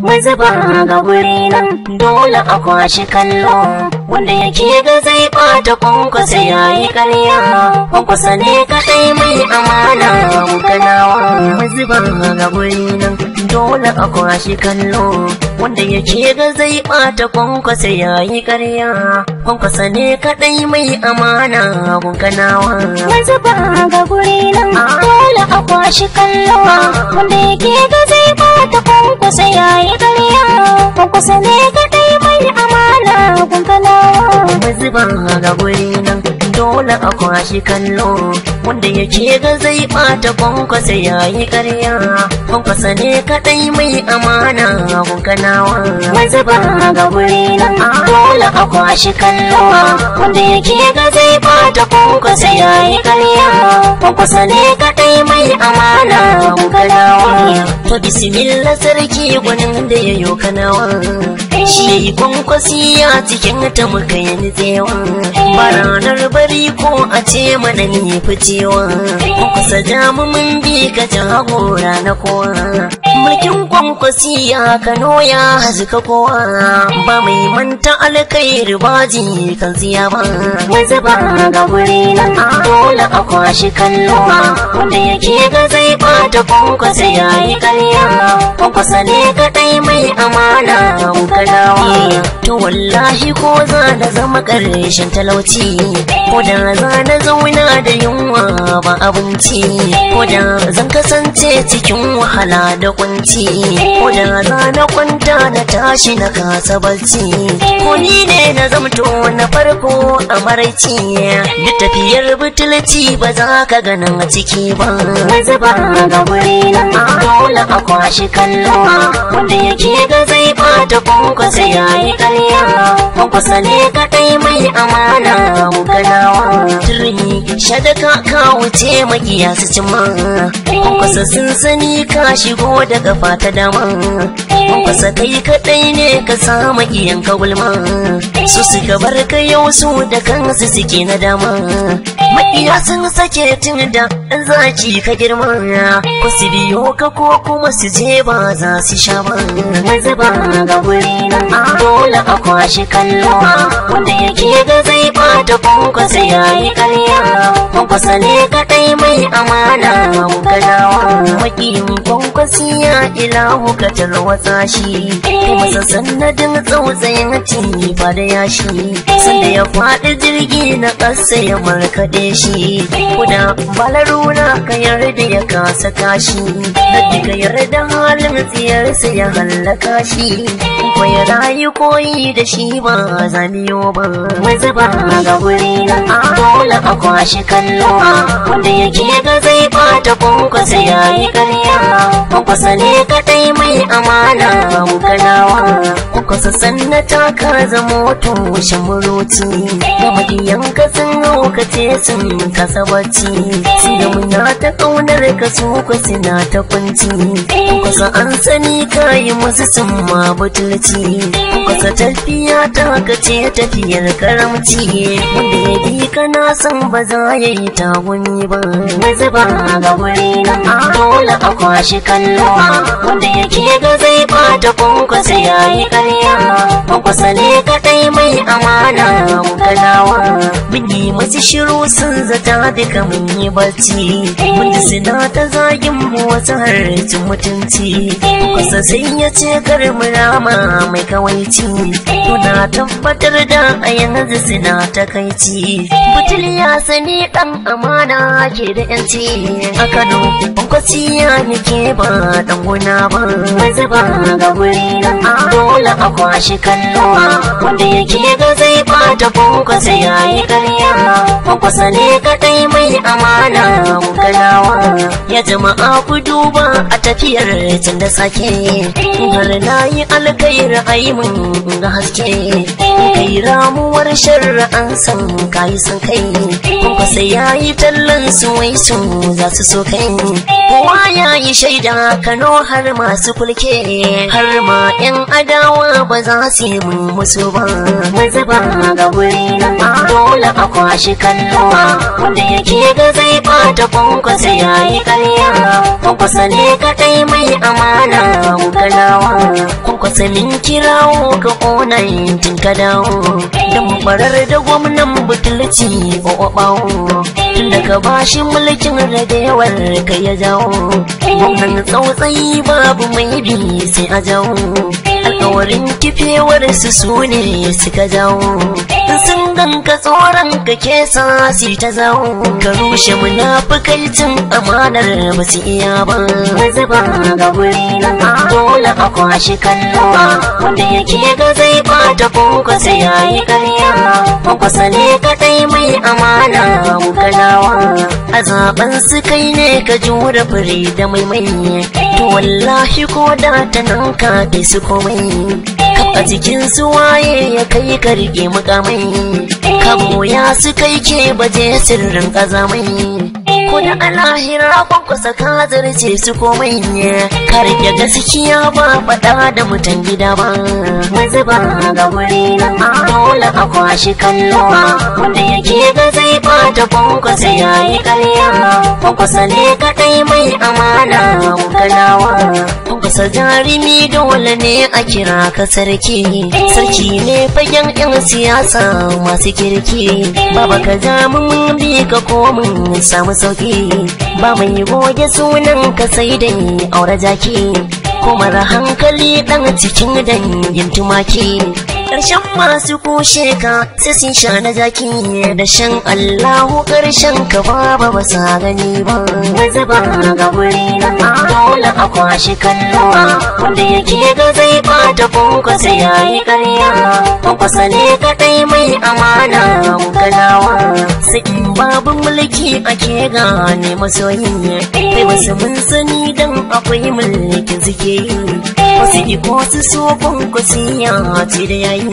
mazuba ga guri nan dole a kwashi kallo wanda yake ga zai bata kwankwasa ya yi karya kwankwasa ne kadai mai amana mukanawa mazuba ga guri nan dole a kwashi kallo wanda yake ga zai bata kwankwasa ya yi karya kwankwasa ne kadai mai amana mukanawa mazuba ga guri nan ah. dole a kwashi kallo ah. wanda yake ga zai bata kwankwasa Asale ka kai mai amana kun kalawa. Mazuban haga guri. na a kallo wanda yake ga zai bata kwankwasa ya yi karya kwankwasa ne kadai mai amana gunkanawa maza ba ga wuri nan dole akwashi kwashi kallo wanda yake ga zai bata kwankwasa ya yi karya kwankwasa ne kadai mai amana gunkanawa to bismillah sarki gwanin da ya yi kanawa shi kwankwasi a cikin ta muka baranar bari ko a ce mana ni ficewa kusa jamu mun bi ka jagora na kowa mulkin kwankwasi ya kano ya hazuka kowa ba mai manta alkairi baji kan siya ba maza ba ga wuri na ah. dole a kwashi kalluwa wanda yake ga zai bata sai ya yi kariya kwankwasa ne kadai mai amana kanawa eh, to wallahi ko za na zama karshen talauci ko da za na zauna da yunwa ba abinci ko da zan kasance cikin wahala da kwanci bambanci ko da na kwanta na tashi na kasa balci ko ni ne na zamto na farko a maraici da tafiyar butulci ba za ka ganin a ciki ba zuba ga wuri na dole a kwashi kallo wanda yake ga zai bata kwankwasa yayi kalya kwankwasa ne kaɗai mai amana ganawa turhi shadaka ka wuce magiya su ci ma kwankwasa sun sani ka shigo da kafa ta dama kwankwasa kai kadai ne ka sa magiyan ka gulma su suka bar ka yau su da kansu suke na dama magiya sun sake tun da ɗan zaci ka girma ku su biyo ka ko kuma su je ba za su sha ba mazuba ga guri na dole a kwashe kallo wanda yake zai bata kwankwasa ya yi karya kwankwasa ne kadai mai amana ganawa makiyin kwankwasi ya ilahu ka tarwatsa shi kai masa sannadin tsautsayin ci ba da yashi sanda ya faɗi jirgi na ƙasa ya markaɗe shi kuna balaruna ka yarda ya kasa kashi da ka yarda halin tsiyarsa ya hallaka shi na rayu koyi da shi ba zamiyo ba maza ba ga wuri na dole a kwashi kallo wanda yake ga zai bata kwankwasa ya yi karya kwankwasa ne kaɗai mai amana A kwankwasa sanna ta ka zamo toshe muruci ga magiyan ka sun lokace sun kasa bacci sun muna ta kaunar ka su kwasi na ta kunci kwankwasa an sani ka yi musu sun ma karamci kusa tafiya ta kace tafiyar karamci wanda ya bi kana san ba za ya yi ta tawuni ba na zuba ga wuri na dole a kwashi kalluwa wanda yake ga zai bata kwankwasa ya yi karya kwankwasa ne kadai mai amana mukalawa mun yi masu shiru sun zata daga mun yi barci mun suna ta zagin mu wasu harcin mutunci kusa sai ya ce kar mu rama mai kawaici to tabbatar da a yanzu suna takaici butul ya sani ɗan amana ke da yanci a kano kwasi ya nike ba ɗan guna ba zuba ga wuri na dole a kwashi kalluwa wanda yake ga zai bata bonka sai yi karya kwasa ne kadai mai amana ganawa ya jama'a ku duba a tafiyar can da sake har na yi alkhairi aimin na haske kai ramuwar sharra an san kayi san kai kuma sai yayi tallan su wai su za su so kai kowa yayi shaida kano har masu kulke har ma yan adawa ba za su yi mun musu ba maza ba ga wuri na dole a kwashi kallowa wanda yake ga zai bata sai yayi karya sani ne kai mai amana ganawa kwankwasa kirawo ka ƙona yankin ka dawo don barar da gwamnan butulci ba ɓawo tun ka ba bashi mulkin rabewar ka ya jawo Wannan tsautsayi babu mai bi sai a jawo alkawarin kifewar su su ne suka jawo sun ganka tsoron ka ke sa su ta zawo ka rushe munafukaicin amanar ba su iya ba zuba ga wuri na dole a kwashe kallowa wanda yake ga zai bata kuka sai yayi karya kwasa ne kadai mai amana ganawa a zaben su kai ne ka jura fure da maimai to wallahi ko da ta nan ka kai su komai a jikin su waye ya kai karge mukamai kabo ya su kai ke baje sirrin kazamai Kuna alahira rabon ku saka zarce su komai ne. Karke gaskiya ba faɗa da mutan gida ba. ba ga wuri na dole a kwashi kallo. Wanda yake ga zai bata ku sai yayi ƙarya. Ku ne kaɗai mai amana ku kalawa. isa jarumi dole ne a kira ka sarki sarki ne fagen yan siyasa masu kirki baba ka za mun bi ka komin samu sauki ba mai goge sunan ka sai da aure jaki kuma hankali dan cikin dangin tumaki Karshen masu kushe ka sai sun sha na zaki da shan Allahu ƙarshen ka baba ba sa gani ba Ba ba ga wuri na dole a kwashi ba. wanda yake ga zai bata kuka sai ya yayi ƙarya kwakwasa ne ɗai mai amana ganawa sai babu mulki ake gane masoyi kai su mun sani dan akwai mulkin suke yi wasu ko su so kwankwasiya ce da yayi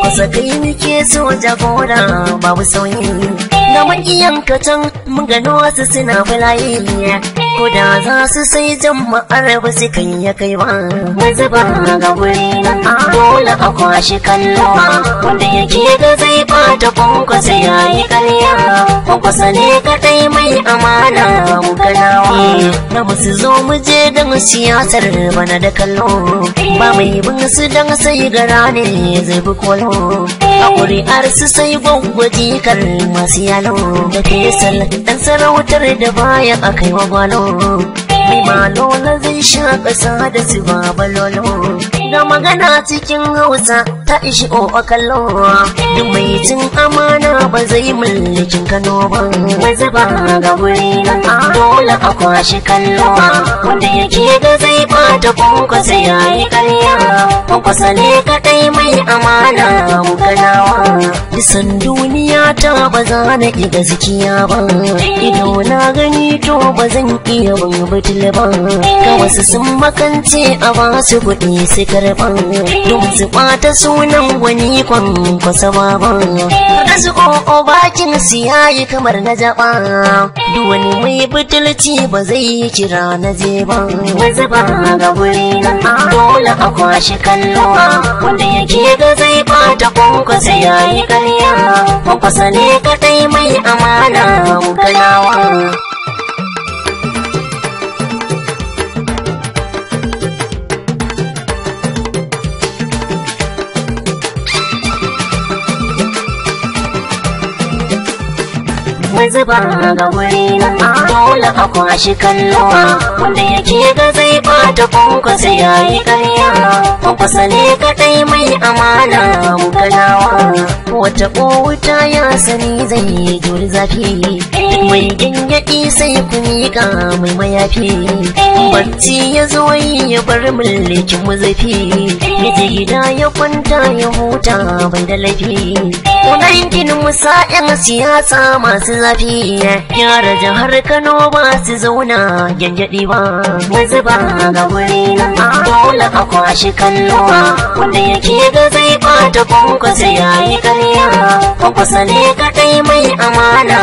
kusa kai muke so jagora babu sauyi ga makiyan kacan mun gano wasu suna bulayi Kuda za su sai jan ba su kan ya kai ba. Na zuba ga wuri na dole a kwashi kallowa. Wanda yake ga zai bata sai ya yi karya. Kwankwasa ne kai mai amana mu ganawa. Na ba su zo mu je don siyasar bana da kallo. Ba mai bin su don sai gara ne zai bi kwallo. a arsu su sai gwangwaji kan masu yalo da fesal ɗan sarautar da baya a kai gwalo mai malo na zai sha ƙasa da su babalolo da magana cikin hausa ta ishi o kallon duk mai cin amana ba zai mulkin kano ba zai ba ga wuri na dole a kwashi kallo wanda yake da zai bata kunka sai ya yi karya kunkusa ne kadai mai amana ganawa bisan duniya ta ba za na gaskiya ba ido na gani to ba zan iya bin ba ga wasu sun makance a su kuɗi sai karban don sunan wani kwan kwasa baban da su o'o bakin su yayi kamar na jaba duk wani mai butulci ba zai yi kira na je ba zaba ga wuri na dole a kwashi kallo wanda yake ga zai bata kwankwasa yayi karya kwankwasa ne kadai mai amana mu galawa zuba ga wuri na dole a kwashi kallowa wanda yake ga zai bata kwankwasa yayi ƙarya kwankwasa ne kadai mai wata wuta ya sani zai yi juri zafi mai gangaɗi sai ku miƙa mai mayafi bacci ya zo ya bar mulkin mu zafi miji gida ya kwanta ya huta bai da laifi yankin musa yan siyasa masu zafi yara jihar kano ba su zauna gyangyaɗi ba mazuba ga wuri na dole a kwashi kallo wanda yake ga zai ta kwankwasa ya yi karya kwankwasa ne kadai mai amana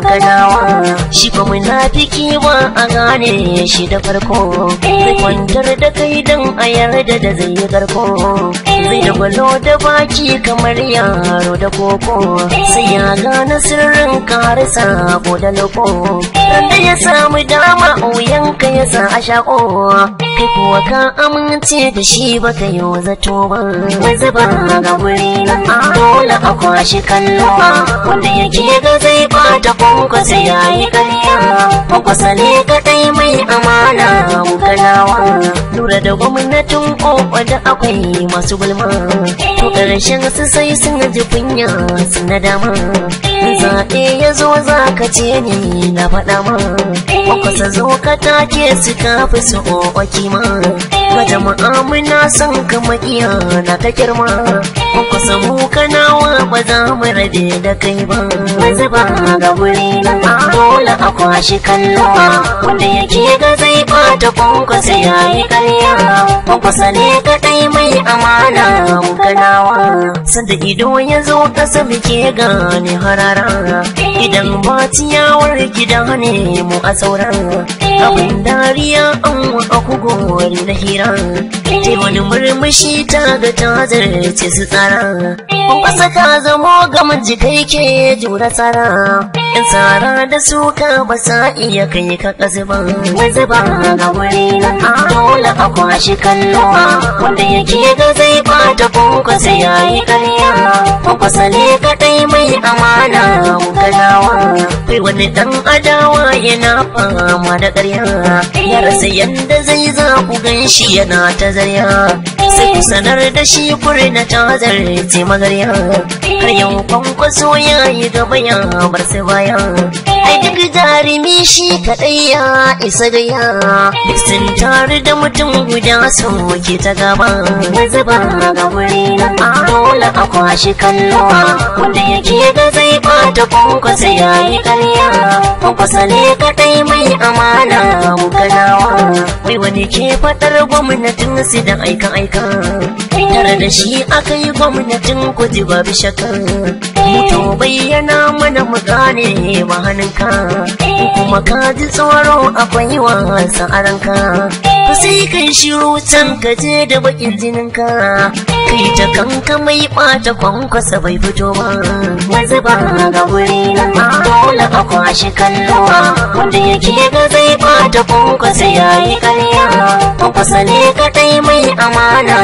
ganawa shi ba munafiki ba a gane shi da farko zai kwantar da kai don a yarda da zai yi garko zai da gwalo da baki kamar yaro da koko sai ya gane sirrin karisa ko da loko da ya samu dama yanka ya sa a shako kai kuwa ka amince da shi ba ka yi zato ba ga gurina dole a kwashi kallo wanda yake ga zai bata kwankwasa ya yi karya kwankwasa ne ka tai mai amana ganawa lura da gwamnatin kofa da akwai masu gulma to ƙarshen su sai sun ji kunya su na dama zaɓe ya zo za ka ce ni na faɗa ma kwakwasa zo ka take su kafi su ƙoƙoƙi ma ga jama'a muna son kama iya na ta girma muku samu kanawa ba za mu rabe da kai ba zuba ga wuri na dole a kwashi kallon wanda yake ga zai bata kwankwasa ya yi karya kwankwasa ne kadai mai amana mu kanawa sanda ido ya zo kasa muke gane harara idan ba ciyawar gida ne mu a sauran abin dariya an wa kugo na hira ce wani murmushi ta ga ta zarce su tsara tara wasu ka zamo ga majikai ke jura tsara. in tsara da suka ba sa iya kai ka kasu ba wanzu ba ga wuri na dole a kwashi kalluwa wanda yake ga zai bata kuka sai yayi karya kusa ne kadai mai amana gadawa kai wani dan adawa yana fama da karya ya rasa yanda zai za ku ganshi yana ta zarya sai ku sanar da shi kurna ta zarce magarya har yau kwankwaso ya yi gaba ya bar sai ba ai duk jarumi shi kaɗai ya isa gaya duk sun da mutum guda soke ta gaba zuba ga wuri na dole a kwashi kallo wanda yake da zai bata sai ya yi karya kwankwasa ne kaɗai mai amana ganawa wai wani ke faɗar gwamnatin su da aika-aika Tare da shi aka yi gwamnatin ba bisha shakka. Mutu bayyana mana mu gane mahaninka. Kuma ka ji tsoro akwai wasa ka Sai kai shiru can ka je da bakin jininka. kai ta kanka mai bata kwankwasa bai fito ba mazuba ga wuri na dole a kwashi kalluwa wanda yake ga zai bata kwankwasa ya yi karya kwankwasa ne kadai mai amana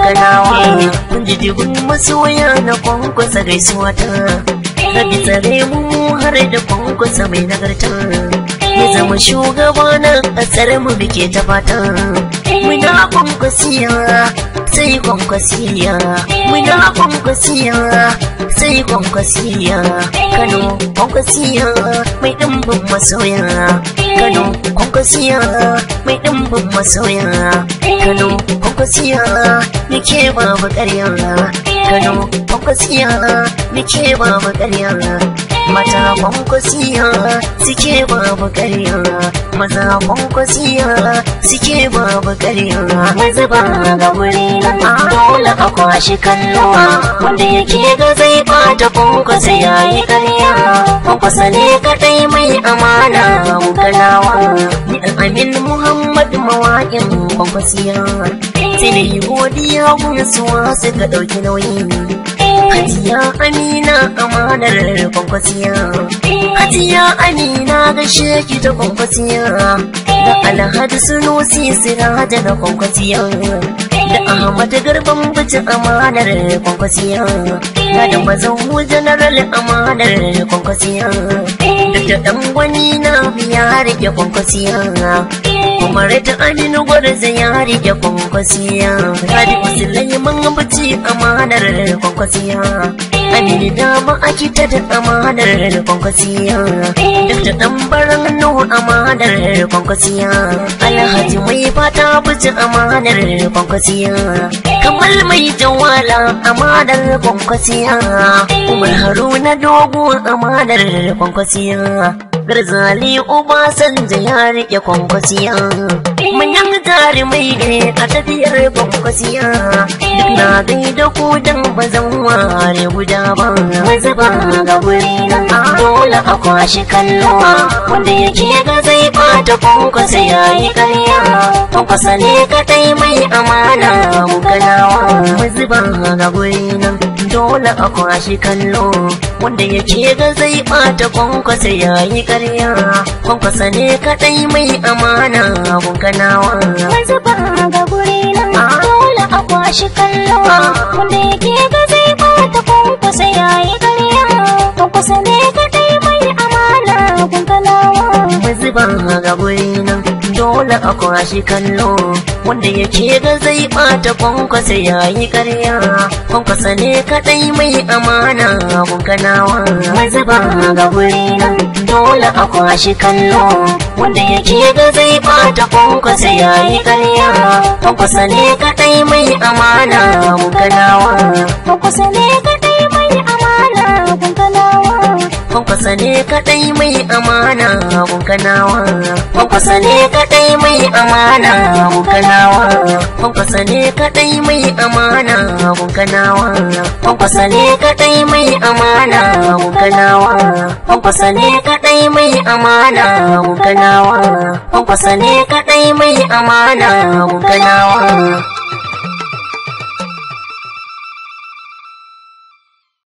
ganawa kun ji digun masoya na kwankwasa gaisuwa ta rabi tsare mu har da kwankwasa mai nagarta ya zama shugaba na kasar mu bike ta fata muna kwankwasiya sai kwankwasiya muna kwankwasiya sai kwankwasiya kano kwankwasiya mai ɗimbin masoya kano kwankwasiya mai ɗimbin masoya kano kwankwasiya muke babu ƙarya kano kwankwasiya muke babu ƙarya mata kwankwasiya suke babu karya. maza kwankwasiya suke babu ƙarya maza ba ga wuri nan dole a kwashi kalluwa wanda yake ga zai bata kwankwasa ya yi ƙarya kwankwasa ne kadai mai amana ga ganawa ni amin muhammad mawaƙin kwankwasiya sai da yi godiya gudunsuwa suka ɗauki nauyi eh. Hajiya Amina amanar kwankwasiya eh. Hajiya Amina da ki ta kwankwasiya eh. Da Alhaji Sunusi sira da na kwankwasiya Da Ahmad Garban bici amanar kwankwasiya Na da mu janaral amanar kwankwasiya Da ta ɗan gwani na biya rike kwankwasiya umar ta aminu gwarza ya rike kwankwasiya hadi musulai man bace amanar kwankwasiya aminu dama a kita da amanar kwankwasiya duk da dan baran nuhu amanar kwankwasiya alhaji mai fata buci amanar kwankwasiya kamal mai jawala amanar kwankwasiya umar haruna dogo amanar kwankwasiya garzali uba sanja ya rike kwankwasiya yan tare mai ne a tafiyar kwankwasiya duk na gai da ku dan bazan ware guda ba zaba ga wuri na dole a kwashi kalluwa wanda yake ga zai bata kwankwasa ya yi karya kwankwasa ne ka mai amana mu ganawa zuba ga wuri na dole a kwashi kallo wanda ya yake ga zai bata kwankwasa ya yi karya kwankwasa ne kadai mai amana gunkanawa maza ba ga guri nan dole a kwashi kallo wanda ya ke ga zai bata kwankwasa ya yi karya kwankwasa ne kadai mai amana gunkanawa maza ba ga guri dole a kwashi kallo wanda yake ga zai bata kwankwasa ya yi karya kwankwasa ne kadai mai amana kunkanawa mazaba ga wuri nan dole a kwashi kallo wanda yake ga zai bata kwankwasa ya yi karya kwankwasa ne kadai mai amana kunkanawa kwankwasa ne ne kadai mai amana abun kanawa kwakwasa ne kadai mai amana abun kanawa kwakwasa ne kadai mai amana abun kanawa kwakwasa ne kadai mai amana abun kanawa kwakwasa ne kadai mai amana abun kanawa kwakwasa ne kadai mai amana abun kanawa